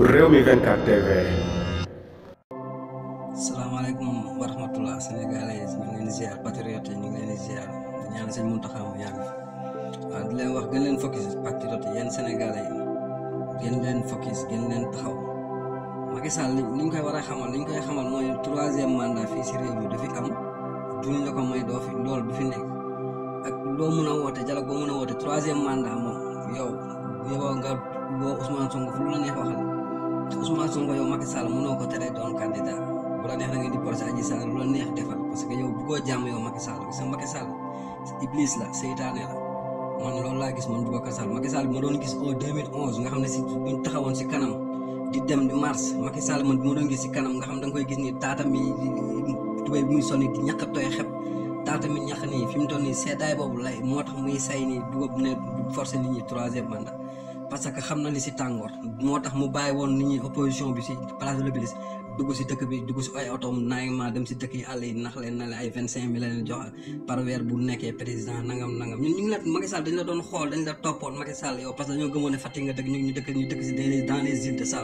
Rewmi 24 TV. salaamaaleykum wa rahmatulah sénégalais ñu ngi ñaan sëñ mu yàgg waaw di leen wax gën leen focus patriote yéen sénégalais gën leen focus gën leen taxaw Macky Sall li koy war xamal li koy xamal mooy troisième mandat fii si réew mi du fi am duñ la ko may fi du fi ak mandat yow yow nga Ousmane Sonko fu la neex waxal te Ousmane Sonko yow Macky Sall mënoo ko teree doon candidat bu la neex da ngeen di porsa Adji Sarr lu la neex defal parce que yow bëggoo jàmm yow Macky Sall sa Macky Sall iblis la seytaane la man loolu laa gis man Boubacar Sall Macky Sall bi ma doon gis au 2011 nga xam ne si buñ taxawoon si kanam di dem di mars Macky Sall man bi ma doon gis si kanam nga xam da nga koy gis ni tata mi tubéy bi muy sonni di ñàkk tooy ya, xep tata mi ñàkk ni fim mu ni nii seddaay boobu lay moo tax muy say nii dugub ne forcé nit ñi troisième mandat parce que xam na ni si tàngoor moo tax mu bàyyi woon nit ñi opposition bi si place de l'Obélisque dugg si dëkk bi dugg si ay otoom naayuma dem si dëkk yi àll yi nax leen na leen ay vingt cinq mille nekkee président nangam nangam la doon xool dañ la toppoon Macky Sall yow parce que dañoo gëmoon ne Fatick nga dëkk si dans les îles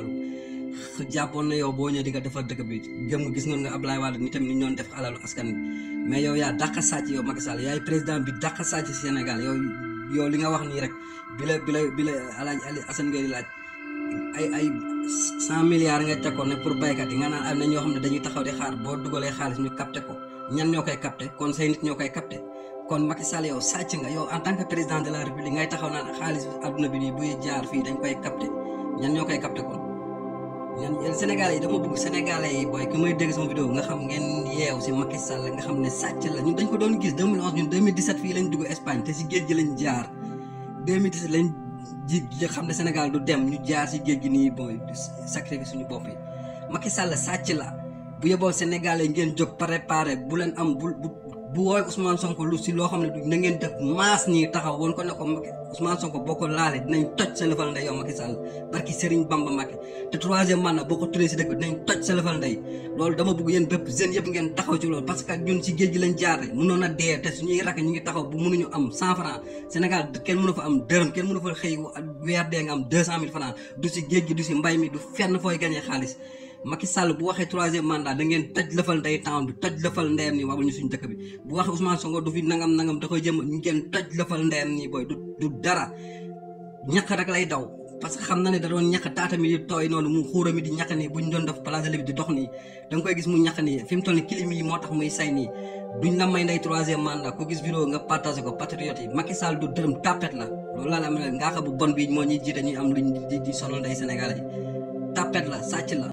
jàppoon na yow boo ñëwee di nga defar dëkk bi gëm nga gis nga nga Ablaye Wade ni tamit ñu doon def alalu askan bi mais yow yaa dàq sàcc yow Macky Sall yaay président bi dàq sàcc Sénégal yow yow li nga wax nii rek bi la bi la bi la alaaj ali Assane Gueye di ay ay cent milliards nga teg ko ne pour baykat yi nga naan am na ñoo xam ne dañuy taxaw di xaar boo dugalee xaalis ñu capté ko ñan ñoo koy capté kon say nit ñoo koy capté kon Macky Sall yow sàcc nga yow en tant que président de la république ngay taxaw naan xaalis adduna bi nii buy jaar fii dañ koy capté ñan ñoo koy capté ko yéen Sénégalais yi dama bëgg Sénégalais yi booy ku may dégg sama vidéo nga xam ngeen yeew si Macky nga xam ne sàcc la ñun dañ ko doon gis 2011 ñun 2017 fii lañ dugg Espagne te si géej gi lañ jaar 2017 lañ ji xam ne Sénégal du dem ñu jaar si géej gi nii booy sacrifice suñu bopp yi Macky Sall sàcc la bu yeboo Sénégalais ngeen jóg préparé bu leen am bu bu woowee Ousmane Sonko lu si loo xam ne du na ngeen def maas nii taxaw woon ko ne ko Macky Ousmane Sonko ko dinañ toj sa lëfal ndey yow Macky Sall barki Serigne Bamba Macky te troisième mandat boo ko turee si dëkk dinañ toj sa lëfal ndey loolu dama bëgg yéen bépp jeunes yëpp ngeen taxaw ci loolu parce que ñun si géej gi lañ jaar mënoon a dee te suñuy rakk ñu ngi taxaw bu mënuñu am cent franc Sénégal kenn mënu fa am dërëm kenn mënu fa xëy weer dee nga am deux cent mille franc du si géej gi du si mbay mi du fenn fooy gañee xaalis Macky Sall bu waxee troisième mandat da ngeen toj lëfal ndey temps bi toj lëfal ndeyam nii waxuñu suñu dëkk bi bu waxee Ousmane Sonko du fi nangam nangam da koy jëm ngeen toj lëfal ndeyam nii booy du du dara ñàkk rek lay daw. parce que xam na ne da doon ñàkk taatami di tooy noonu mu xuura mi di ñàkk nii buñ doon def place de bi di dox nii da nga koy gis mu ñàkk nii fi mu toll nii kilim yi moo tax muy say nii duñ la may ndey troisième mandat ku gis vidéo nga partagé ko patriote yi Macky Sall du dërëm tapet la loolu laa la am moo ñuy jiite ñuy am luñ di di sonal ndey Sénégal yi tapet la sàcc la